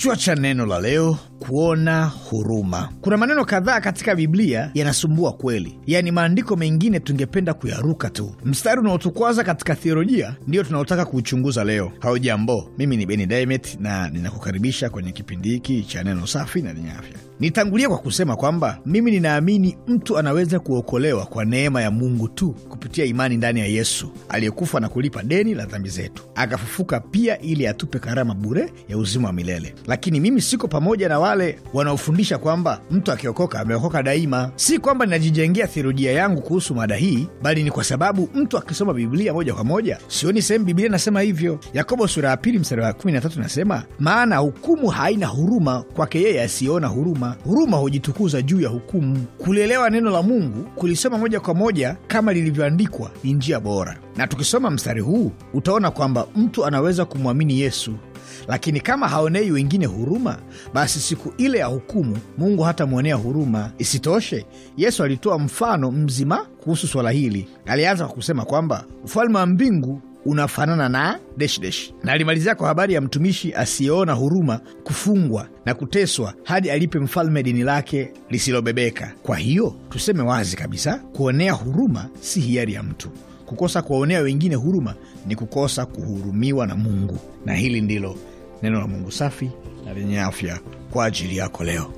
Kichwa cha neno la leo, kuona huruma. Kuna maneno kadhaa katika Biblia yanasumbua kweli, yaani maandiko mengine tungependa kuyaruka tu. Mstari unaotukwaza katika theolojia ndiyo tunaotaka kuuchunguza leo. Haujambo, mimi ni Beni Daimet na ninakukaribisha kwenye kipindi hiki cha neno safi na lenye afya. Nitangulie kwa kusema kwamba mimi ninaamini mtu anaweza kuokolewa kwa neema ya Mungu tu kupitia imani ndani ya Yesu aliyekufa na kulipa deni la dhambi zetu, akafufuka pia ili atupe karama bure ya uzima wa milele. Lakini mimi siko pamoja na wale wanaofundisha kwamba mtu akiokoka ameokoka daima. Si kwamba ninajijengea theolojia yangu kuhusu mada hii, bali ni kwa sababu mtu akisoma Biblia moja kwa moja, sioni sehemu Biblia inasema hivyo. Yakobo sura ya pili mstari wa 13 inasema, maana hukumu haina huruma kwake yeye asiyeona huruma huruma. hujitukuza juu ya hukumu. Kulielewa neno la Mungu, kulisoma moja kwa moja kama lilivyoandikwa, ni njia bora. Na tukisoma mstari huu utaona kwamba mtu anaweza kumwamini Yesu, lakini kama haonei wengine huruma, basi siku ile ya hukumu Mungu hatamwonea huruma. Isitoshe, Yesu alitoa mfano mzima kuhusu swala hili. Alianza kwa kusema kwamba ufalme wa mbingu unafanana na desh desh. Na alimalizia kwa habari ya mtumishi asiyeona huruma kufungwa na kuteswa hadi alipe mfalme dini lake lisilobebeka. Kwa hiyo tuseme wazi kabisa, kuonea huruma si hiari ya mtu. Kukosa kuwaonea wengine huruma ni kukosa kuhurumiwa na Mungu, na hili ndilo neno la Mungu safi na lenye afya kwa ajili yako leo.